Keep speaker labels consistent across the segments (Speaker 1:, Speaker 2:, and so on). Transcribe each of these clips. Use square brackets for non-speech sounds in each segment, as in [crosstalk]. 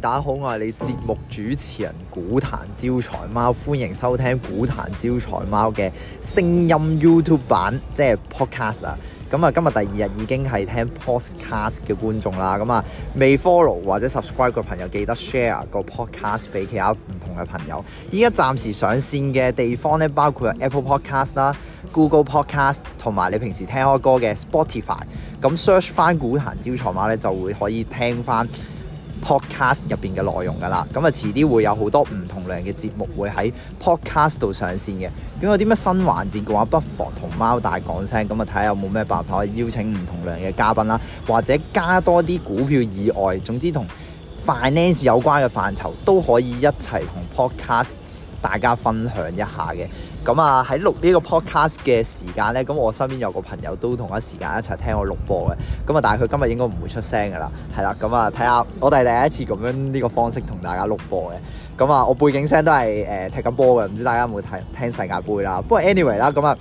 Speaker 1: 大家好，我係你節目主持人股壇招財貓，歡迎收聽股壇招財貓嘅聲音 YouTube 版，即係 Podcast 啊！咁啊，今日第二日已經係聽 Podcast 嘅觀眾啦，咁啊，未 follow 或者 subscribe 嘅朋友記得 share 個 Podcast 俾其他唔同嘅朋友。依家暫時上線嘅地方咧，包括 Apple Podcast 啦、Google Podcast 同埋你平時聽開歌嘅 Spotify，咁 search 翻股壇招財貓咧，就會可以聽翻。podcast 入邊嘅內容㗎啦，咁啊，遲啲會有好多唔同量嘅節目會喺 podcast 度上線嘅，咁有啲咩新環節嘅話，不妨同貓大講聲，咁啊，睇下有冇咩辦法可以邀請唔同量嘅嘉賓啦，或者加多啲股票以外，總之同 finance 有關嘅範疇都可以一齊同 podcast。大家分享一下嘅，咁啊喺錄呢個 podcast 嘅時間呢，咁我身邊有個朋友都同一時間一齊聽我錄播嘅，咁啊但係佢今日應該唔會出聲噶啦，係啦，咁啊睇下我哋第一次咁樣呢、這個方式同大家錄播嘅，咁啊我背景聲都係誒、呃、踢緊波嘅，唔知大家有冇聽聽世界盃啦，不過 anyway 啦，咁啊。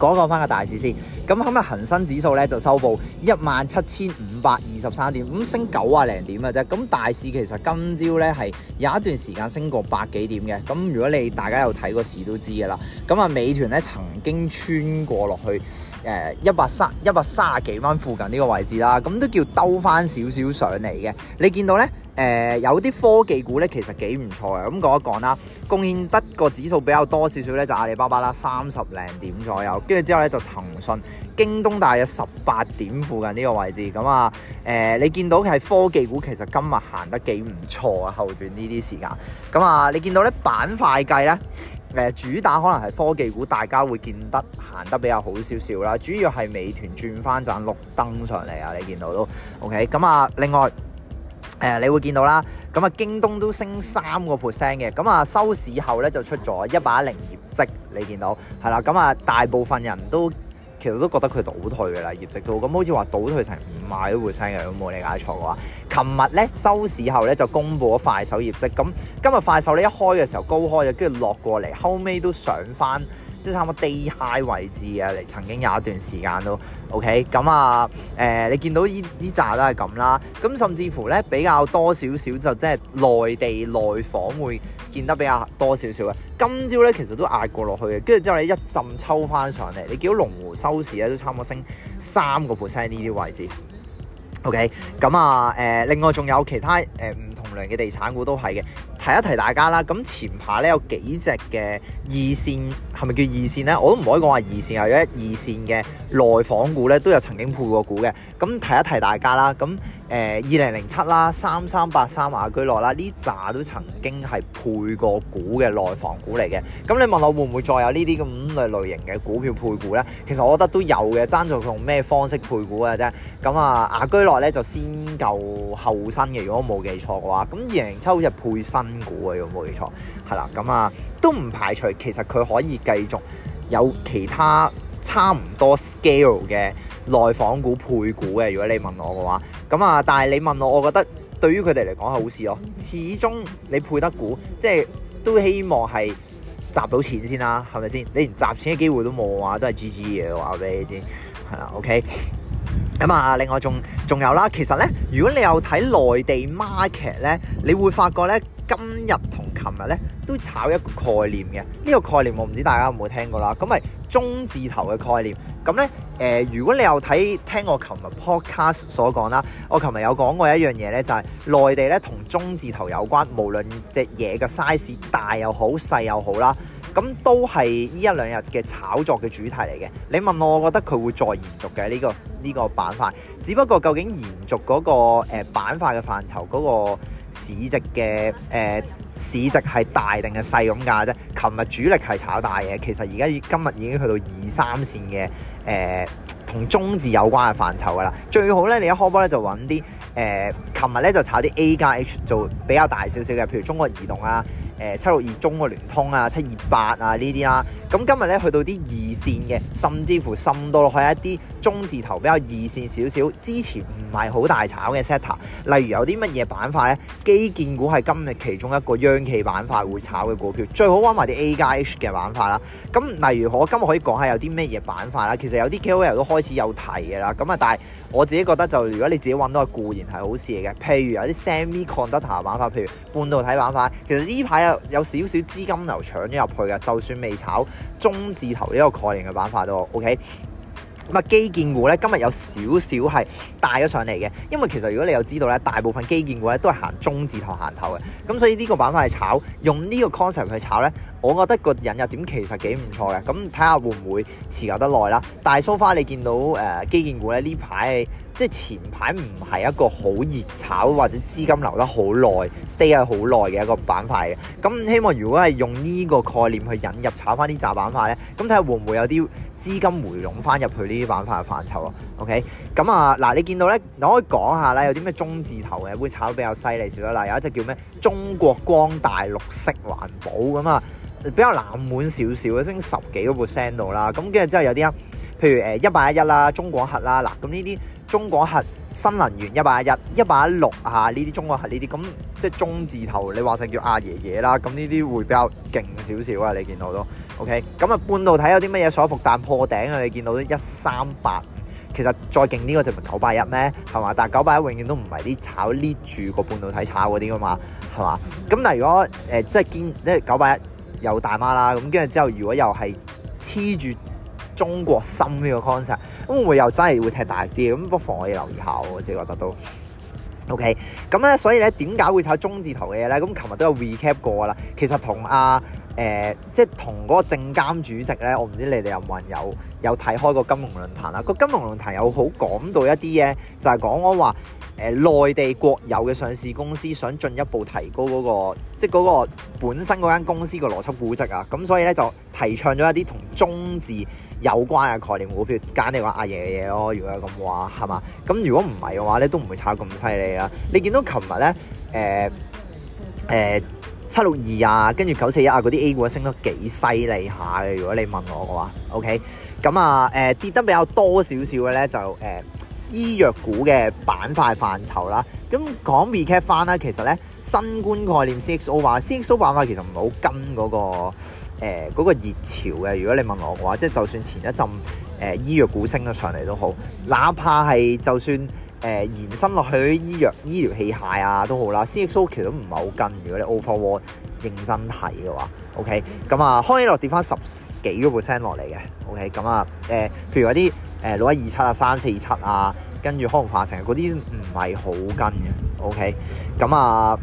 Speaker 1: 講講翻個大市先，咁今日恒生指數咧就收報一萬七千五百二十三點，咁升九啊零點啊。啫。咁大市其實今朝咧係有一段時間升過百幾點嘅。咁如果你大家有睇過市都知嘅啦。咁啊，美團咧曾經穿過落去誒一百三一百三十幾蚊附近呢個位置啦，咁都叫兜翻少少上嚟嘅。你見到咧？誒、呃，有啲科技股咧，其實幾唔錯嘅。咁講一講啦，貢獻得個指數比較多少少咧，就阿里巴巴啦，三十零點左右。跟住之後咧，就騰訊、京東，大約十八點附近呢個位置。咁啊，誒、呃，你見到係科技股，其實今日行得幾唔錯啊，後段呢啲時間。咁啊，你見到咧板塊計咧，誒，主打可能係科技股，大家會見得行得比較好少少啦。主要係美團轉翻盞綠燈上嚟啊，你見到都 OK。咁啊，另外。誒，你會見到啦，咁啊，京東都升三個 percent 嘅，咁啊收市後咧就出咗一百一零業績，你見到係啦，咁啊大部分人都其實都覺得佢倒退嘅啦。業績都咁好似話倒退成五百 percent 嘅，有冇理解錯嘅話。琴日咧收市後咧就公布咗快手業績，咁今日快手咧一開嘅時候高開咗，跟住落過嚟，後尾都上翻。即係差唔多 day high 位置啊，你曾經有一段時間都 OK 咁啊，誒、呃、你見到依依紮都係咁啦，咁甚至乎咧比較多少少就即係內地內房會見得比較多少少嘅，今朝咧其實都壓過落去嘅，跟住之後你一浸抽翻上嚟，你見到龍湖收市咧都差唔多升三個 percent 呢啲位置，OK 咁啊誒、呃，另外仲有其他誒。呃同量嘅地產股都係嘅，提一提大家啦。咁前排咧有幾隻嘅二線，係咪叫二線呢？我都唔可以講話二線啊，有一二線嘅內房股呢都有曾經配過股嘅。咁提一提大家啦。咁。誒二零零七啦，三三八三雅居樂啦，呢扎都曾經係配過股嘅內房股嚟嘅。咁你問我會唔會再有呢啲咁類型嘅股票配股呢？其實我覺得都有嘅，爭在佢用咩方式配股嘅啫。咁啊，雅居樂呢就先舊後新嘅，如果我冇記錯嘅話。咁二零零七好似配新股嘅，如果冇記錯，係啦。咁啊，都唔排除其實佢可以繼續有其他差唔多 scale 嘅。內房股配股嘅，如果你問我嘅話，咁啊，但係你問我，我覺得對於佢哋嚟講係好事咯。始終你配得股，即係都希望係集到錢先啦，啊，係咪先？你連集錢嘅機會都冇嘅話，都係 GG 嘢嘅話俾你知，係啦，OK。咁啊，另外仲仲有啦，其實呢，如果你有睇內地 market 咧，你會發覺呢，今日同琴日呢。都炒一個概念嘅，呢個概念我唔知大家有冇聽過啦。咁係中字頭嘅概念，咁呢，誒、呃，如果你有睇聽我琴日 podcast 所講啦，我琴日有講過一樣嘢呢，就係內地呢同中字頭有關，無論隻嘢嘅 size 大又好細又好啦，咁都係呢一兩日嘅炒作嘅主題嚟嘅。你問我，我覺得佢會再延續嘅呢個呢個板塊，只不過究竟延續嗰個板塊嘅範疇嗰個市值嘅誒。呃市值係大定係細咁價啫。琴日主力係炒大嘢，其實而家今日已經去到二三線嘅，誒、呃，同中字有關嘅範疇噶啦。最好咧，你一開波咧就揾啲誒，琴日咧就炒啲 A 加 H 做比較大少少嘅，譬如中國移動啊。誒七六二中嘅聯通啊，七二八啊呢啲啦，咁今日咧去到啲二線嘅，甚至乎滲多落去一啲中字頭比較二線少少，之前唔係好大炒嘅 sector，例如有啲乜嘢板塊咧，基建股係今日其中一個央企板塊會炒嘅股票，最好玩埋啲 A 加 H 嘅板塊啦。咁例如我今日可以講下有啲乜嘢板塊啦，其實有啲 KOL 都開始有提嘅啦。咁啊，但係我自己覺得就如果你自己揾到固然係好事嚟嘅，譬如有啲 semiconductor 板塊，譬如半導體板塊，其實呢排有少少資金流搶咗入去嘅，就算未炒中字頭呢個概念嘅板塊都 OK。咁啊，基建股呢今日有少少係帶咗上嚟嘅，因為其實如果你有知道呢，大部分基建股呢都係行中字頭行頭嘅，咁所以呢個板塊去炒，用呢個 concept 去炒呢。我覺得個引入點其實幾唔錯嘅，咁睇下會唔會持久得耐啦。大蘇花，你見到誒、呃、基建股咧呢排，即係前排唔係一個好熱炒或者資金流得好耐、mm hmm. stay 係好耐嘅一個板塊嘅。咁希望如果係用呢個概念去引入炒翻啲炸板塊呢，咁睇下會唔會有啲資金回籠翻入去呢啲板塊嘅範疇咯。OK，咁啊嗱，你見到呢，你可以講下啦，有啲咩中字頭嘅會炒得比較犀利少少啦。嗱，有一隻叫咩中國光大綠色環保咁啊。比較冷門少少，升十幾個 percent 到啦。咁跟住之後有啲啊，譬如誒一八一一啦、中廣核啦，嗱咁呢啲中廣核、新能源一八一一、一八一六啊呢啲中廣核呢啲咁，即係中字頭，你話成叫阿爺爺啦。咁呢啲會比較勁少少啊。你見到都 OK。咁啊，半導體有啲乜嘢上海復旦破頂啊？你見到一三八，其實再勁呢個就咪九百一咩係嘛？但係九百一永遠都唔係啲炒 lead 住個半導體炒嗰啲噶嘛係嘛？咁但嗱，如果誒即係見即係九百一。呃就是又大媽啦，咁跟住之後，如果又係黐住中國心呢個 concept，咁會唔會又真係會踢大啲？咁不妨我哋留意下，我自己覺得都 OK。咁咧，所以咧點解會炒中字頭嘅嘢咧？咁琴日都有 recap 過啦。其實同阿誒，即係同嗰個證監主席咧，我唔知你哋有冇人有有睇開個金融論壇啦。個金融論壇有好講到一啲嘢，就係講我話。誒，內地國有嘅上市公司想進一步提高嗰、嗰個，即係嗰個本身嗰間公司個邏輯估值啊，咁所以咧就提倡咗一啲同中字有關嘅概念股票，揀呢個阿爺嘅嘢咯。如果係咁話係嘛，咁如果唔係嘅話咧，都唔會炒咁犀利啦。你見到琴日咧，誒、呃、誒。呃七六二啊，跟住九四一啊，嗰啲 A 股升得幾犀利下嘅。如果你問我嘅話，OK。咁、呃、啊，誒跌得比較多少少嘅咧，就誒、呃、醫藥股嘅板塊範疇啦。咁講 recap 翻啦，其實咧新冠概念 CXO 話，CXO 板塊其實唔係好跟嗰、嗰個誒嗰、呃嗰個、熱潮嘅。如果你問我嘅話，即係就算前一陣誒、呃、醫藥股升咗上嚟都好，哪怕係就算。誒、呃、延伸落去啲醫藥、醫療器械啊，都好啦。c s 其 o 都唔係好跟，如果你 All For o n 認真睇嘅話，OK。咁啊，開起落跌翻十幾個 percent 落嚟嘅，OK。咁啊，誒，譬如嗰啲誒六一二七啊、三四七啊，跟住康弘化成嗰啲唔係好跟嘅，OK。咁啊。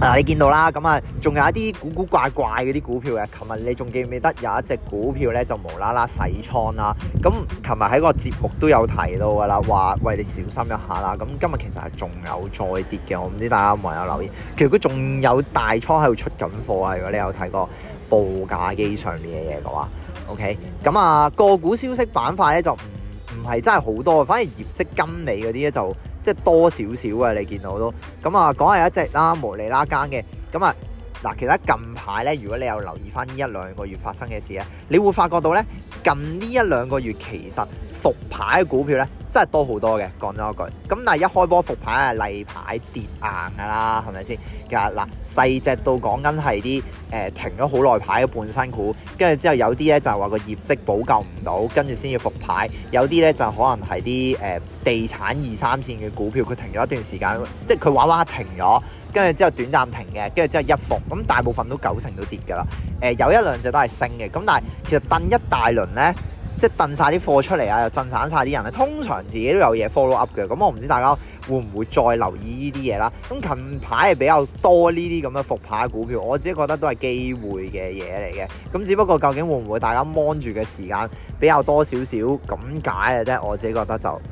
Speaker 1: 嗱、啊，你見到啦，咁啊，仲有一啲古古怪怪嗰啲股票嘅。琴日你仲記唔記得有一隻股票咧就無啦啦洗倉啦？咁琴日喺個節目都有提到噶啦，話喂，你小心一下啦。咁今日其實係仲有再跌嘅，我唔知大家有冇留意。其實佢仲有大倉喺度出緊貨啊。如果你有睇過報價機上面嘅嘢嘅話，OK。咁啊，個股消息板塊咧就唔係真係好多，反而業績跟尾嗰啲咧就～即多少少啊，你見到都咁啊，講下一隻啦，無釐啦更嘅，咁啊嗱，其實近排咧，如果你有留意翻呢一兩個月發生嘅事啊，你會發覺到咧，近呢一兩個月其實。復牌嘅股票呢，真係多好多嘅。講咗一句，咁但係一開波復牌係例牌跌硬㗎啦，係咪先？其實嗱，細只到講緊係啲誒停咗好耐牌嘅半新股，跟住之後有啲呢，就係話個業績補救唔到，跟住先要復牌；有啲呢，就可能係啲誒地產二三線嘅股票，佢停咗一段時間，即係佢玩玩停咗，跟住之後短暫停嘅，跟住之後一復，咁大部分都九成都跌㗎啦、呃。有一兩隻都係升嘅，咁但係其實掟一大輪呢。即係掟晒啲貨出嚟啊，又震散晒啲人啊，通常自己都有嘢 follow up 嘅，咁我唔知大家會唔會再留意呢啲嘢啦。咁近排係比較多呢啲咁嘅復牌股票，我自己覺得都係機會嘅嘢嚟嘅。咁只不過究竟會唔會大家 mon 住嘅時間比較多少少，咁解嘅啫，我自己覺得就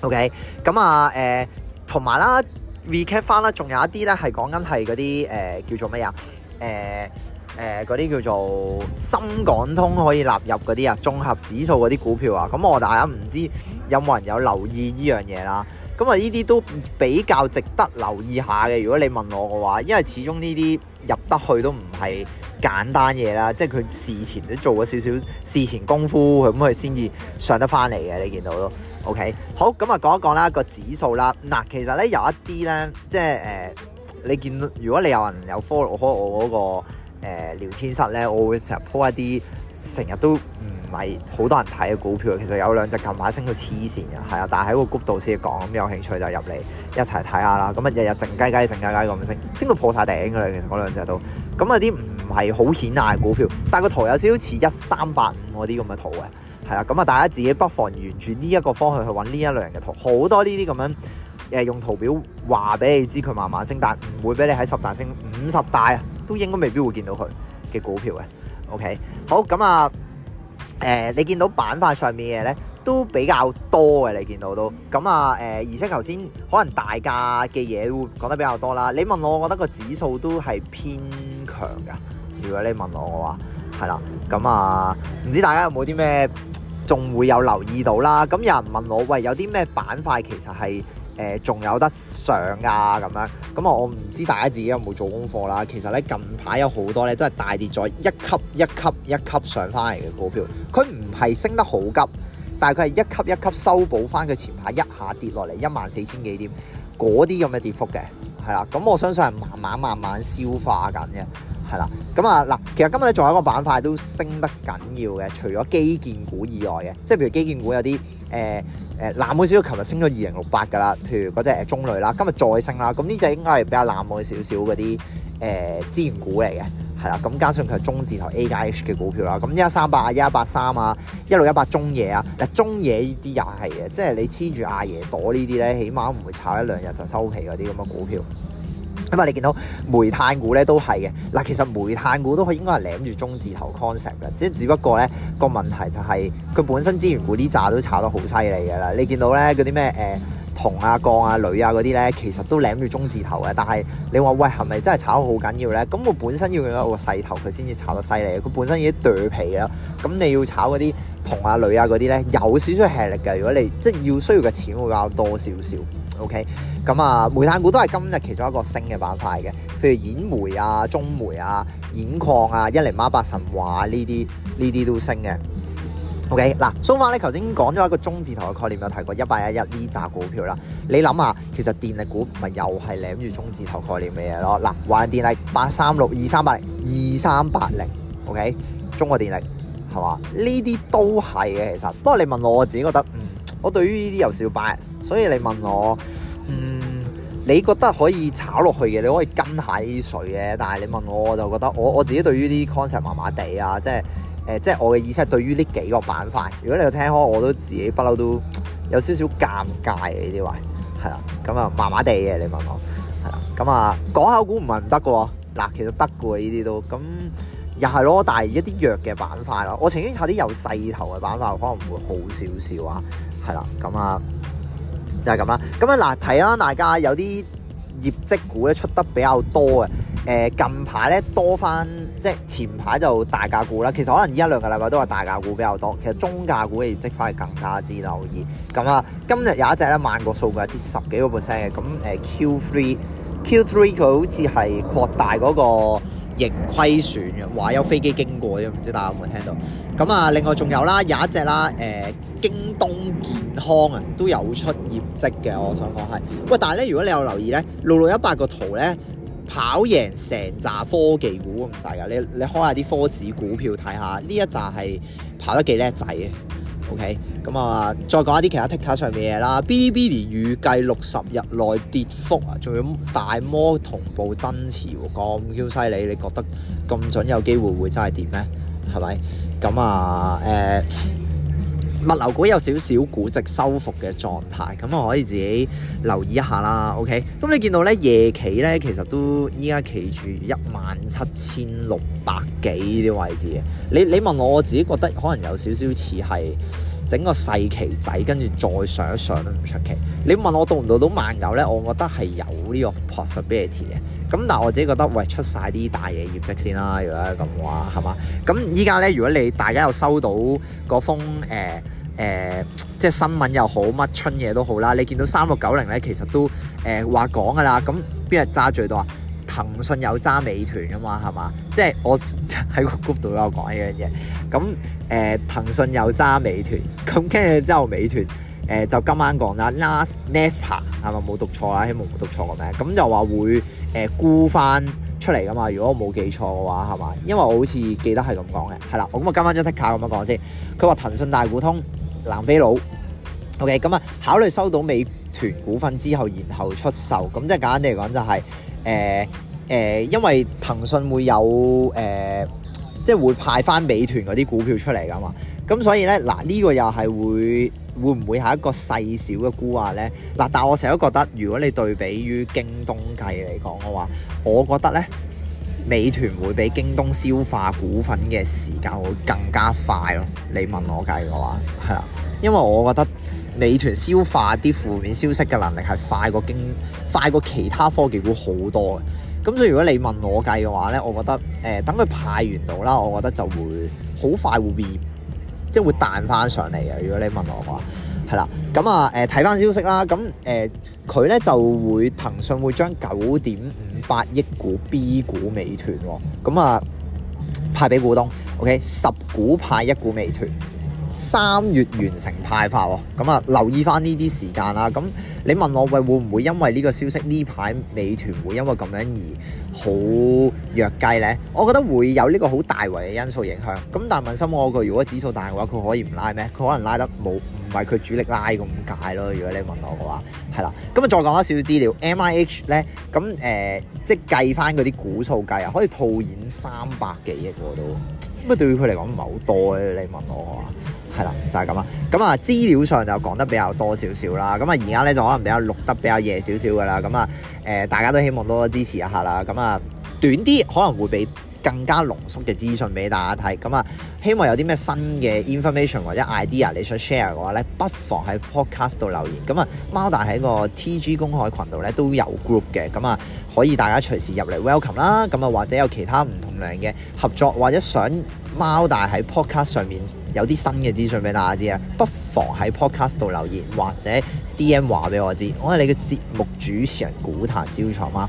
Speaker 1: OK。咁、呃、啊，誒，同埋啦，recap 翻啦，仲有一啲咧係講緊係嗰啲誒叫做咩啊，誒、呃。誒嗰啲叫做深港通可以納入嗰啲啊，綜合指數嗰啲股票啊，咁我大家唔知有冇人有留意呢樣嘢啦。咁啊，呢啲都比較值得留意下嘅。如果你問我嘅話，因為始終呢啲入得去都唔係簡單嘢啦，即係佢事前都做咗少少事前功夫，咁佢先至上得翻嚟嘅。你見到咯，OK 好，咁啊，講一講啦個指數啦。嗱，其實咧有一啲咧，即係誒、呃、你見，如果你有人有 follow 我 o 嗰、嗰個。誒聊天室咧，我會成日 po 一啲成日都唔係好多人睇嘅股票，其實有兩隻近排升到黐線嘅，係啊，但係喺個谷度先講，咁有興趣就入嚟一齊睇下啦。咁啊，日日靜雞雞、靜雞雞咁樣升，升到破晒頂㗎啦。其實嗰兩隻都，咁啊啲唔係好顯眼嘅股票，但係個圖有少少似一三八五嗰啲咁嘅圖嘅，係啊，咁啊大家自己不妨沿住呢一個方向去揾呢一類型嘅圖，好多呢啲咁樣誒用圖表話俾你知佢慢慢升，但唔會俾你喺十大升五十大啊。都應該未必會見到佢嘅股票嘅，OK？好，咁啊，誒、呃，你見到板塊上面嘅嘢咧都比較多嘅，你見到都咁啊誒，而且頭先可能大家嘅嘢會講得比較多啦。你問我，我覺得個指數都係偏強㗎。如果你問我嘅話，係啦，咁啊，唔知大家有冇啲咩仲會有留意到啦？咁有人問我，喂，有啲咩板塊其實係？仲有得上㗎、啊、咁樣，咁啊我唔知大家自己有冇做功課啦。其實咧近排有好多呢，多都係大跌咗一級一級一級上翻嚟嘅股票，佢唔係升得好急，但係佢係一級一級修補翻佢前排一下跌落嚟一萬四千幾點嗰啲咁嘅跌幅嘅。係啦，咁我相信係慢慢慢慢消化緊嘅，係啦，咁啊嗱，其實今日咧仲有一個板塊都升得緊要嘅，除咗基建股以外嘅，即係譬如基建股有啲誒誒冷門少少，琴、呃、日升咗二零六八噶啦，譬如嗰隻中鋁啦，今日再升啦，咁呢隻應該係比較冷門少少嗰啲誒資源股嚟嘅。係啦，咁加上佢係中字頭 A 加 H 嘅股票啦。咁一三八啊，一八三啊，一六一八中野啊，嗱中野呢啲又係嘅，即係你黐住阿爺朵呢啲咧，起碼唔會炒一兩日就收皮嗰啲咁嘅股票。咁啊，你見到煤炭股咧都係嘅嗱，其實煤炭股都應該係攬住中字頭 concept 嘅，即係只不過咧個問題就係佢本身資源股啲炸都炒得好犀利嘅啦。你見到咧嗰啲咩誒？銅啊、鋼啊、鋁啊嗰啲咧，其實都舐住中字頭嘅，但係你話喂係咪真係炒得好緊要咧？咁我本身要有個勢頭，佢先至炒得犀利。佢本身已經對皮啊，咁你要炒嗰啲銅啊、鋁啊嗰啲咧，有少少吃力噶。如果你即係要需要嘅錢會比較多少少。OK，咁啊，煤炭股都係今日其中一個升嘅板塊嘅，譬如兗煤啊、中煤啊、兗礦啊、一零八八神華呢啲，呢啲都升嘅。O K，嗱，收翻咧，頭先講咗一個中字頭嘅概念，有提過一八一一呢扎股票啦。你諗下，其實電力股咪又係攬住中字頭概念嘅嘢咯。嗱，華電力八三六二三八零二三八零，O K，中國電力係嘛？呢啲都係嘅，其實不過你問我，我自己覺得，嗯，我對於呢啲有少少 bias，所以你問我，嗯，你覺得可以炒落去嘅，你可以跟喺呢水嘅。但係你問我，我就覺得我我自己對於啲 concept 麻麻地啊，即係。誒，即係我嘅意思係，對於呢幾個板塊，如果你有聽開，我都自己不嬲都有少少尷尬呢啲位，係啦，咁啊麻麻地嘅，你問我？係啦，咁、嗯、啊，港口股唔係唔得嘅喎，嗱，其實得嘅喎，呢啲都，咁又係咯，但係一啲弱嘅板塊咯，我曾經睇啲有勢頭嘅板塊，可能會好少少啊，係啦，咁、嗯、啊、嗯，就係咁啦，咁啊嗱，睇啊，大家有啲業績股咧出得比較多嘅，誒近排咧多翻。即係前排就大價股啦，其實可能依一兩個禮拜都話大價股比較多，其實中價股嘅業績反而更加之留意。咁啊，今日有一隻咧萬國數據跌十幾個 percent 嘅，咁誒 Q3，Q3 佢好似係擴大嗰個盈虧損嘅，話有飛機經過啫，唔知大家有冇聽到？咁啊，另外仲有啦，有一隻啦，誒、呃、京東健康啊都有出業績嘅，我想講係。喂，但係咧，如果你有留意咧，六六一八個圖咧。跑贏成扎科技股咁滯噶，你你開一下啲科指股票睇下，呢一扎係跑得幾叻仔嘅，OK？咁啊，再講一啲其他 TikTok 上面嘢啦。Bilibili 預計六十日內跌幅啊，仲要大摩同步增持喎，咁 Q 犀利！你覺得咁準有機會真會真係跌咩？係咪？咁啊，誒、呃。物流股有少少估值收復嘅狀態，咁我可以自己留意一下啦。OK，咁你見到呢，夜期呢，其實都依家企住一萬七千六百幾啲位置。你你問我，我自己覺得可能有少少似係。整個細期仔，跟住再上一上都唔出奇。你問我能能到唔到到萬有呢？我覺得係有呢個 possibility 嘅。咁但係我自己覺得，喂，出晒啲大嘢業績先啦。如果咁話係嘛？咁依家呢，如果你大家又收到嗰封誒誒、呃呃，即係新聞又好，乜春嘢都好啦，你見到三六九零呢，其實都誒話講㗎啦。咁邊日揸最多啊？騰訊有揸美團噶嘛？係嘛？即係我喺個 group 度有講呢樣嘢。咁誒、呃，騰訊有揸美團咁，跟住之後，美團誒、呃、就今晚講啦。Last Naspers 係咪冇讀錯啦？希望冇讀錯個名。咁就話會誒、呃、沽翻出嚟噶嘛？如果我冇記錯嘅話，係嘛？因為我好似記得係咁講嘅。係啦，我咁啊，跟翻張 t 卡咁樣講先。佢話騰訊大股通南非佬，OK 咁啊，考慮收到美團股份之後，然後出售咁，即係簡單嚟講就係、是。誒誒、呃呃，因為騰訊會有誒、呃，即係會派返美團嗰啲股票出嚟㗎嘛，咁所以咧，嗱呢、這個又係會會唔會係一個細小嘅沽壓咧？嗱，但我成日都覺得，如果你對比於京東計嚟講嘅話，我覺得咧，美團會比京東消化股份嘅時間會更加快咯。你問我計嘅話，係啦，因為我覺得。美團消化啲負面消息嘅能力係快過經，快過其他科技股好多嘅，咁所以如果你問我計嘅話咧，我覺得誒等佢派完到啦，我覺得就會好快會變，即係會彈翻上嚟嘅。如果你問我嘅話係啦，咁啊誒睇翻消息啦，咁誒佢咧就會，騰訊會將九點五八億股 B 股美團咁啊派俾股東，OK 十股派一股美團。三月完成派發喎，咁啊留意翻呢啲時間啦。咁你問我喂會唔會因為呢個消息呢排美團會因為咁樣而好弱雞呢？我覺得會有呢個好大圍嘅因素影響。咁但係問心我佢如果指數大嘅話，佢可以唔拉咩？佢可能拉得冇唔係佢主力拉咁解咯。如果你問我嘅話，係啦。咁啊再講多少少資料，M I H 呢，咁誒、呃，即係計翻啲股數計啊，可以套現三百幾億都。咁啊，對於佢嚟講唔係好多。你問我啊？係啦、 [noise] 嗯，就係咁啦。咁啊，資料上就講得比較多少少啦。咁啊，而家咧就可能比較錄得比較夜少少噶啦。咁啊，誒，大家都希望多多支持一下啦。咁啊，短啲可能會俾更加濃縮嘅資訊俾大家睇，咁啊，希望有啲咩新嘅 information 或者 idea 你想 share 嘅話呢，不妨喺 podcast 度留言。咁啊，貓大喺個 TG 公開群度呢都有 group 嘅，咁啊，可以大家隨時入嚟 welcome 啦。咁啊，或者有其他唔同量嘅合作，或者想貓大喺 podcast 上面有啲新嘅資訊俾大家知啊，不妨喺 podcast 度留言或者 DM 話俾我知。我係你嘅節目主持人股壇招財貓。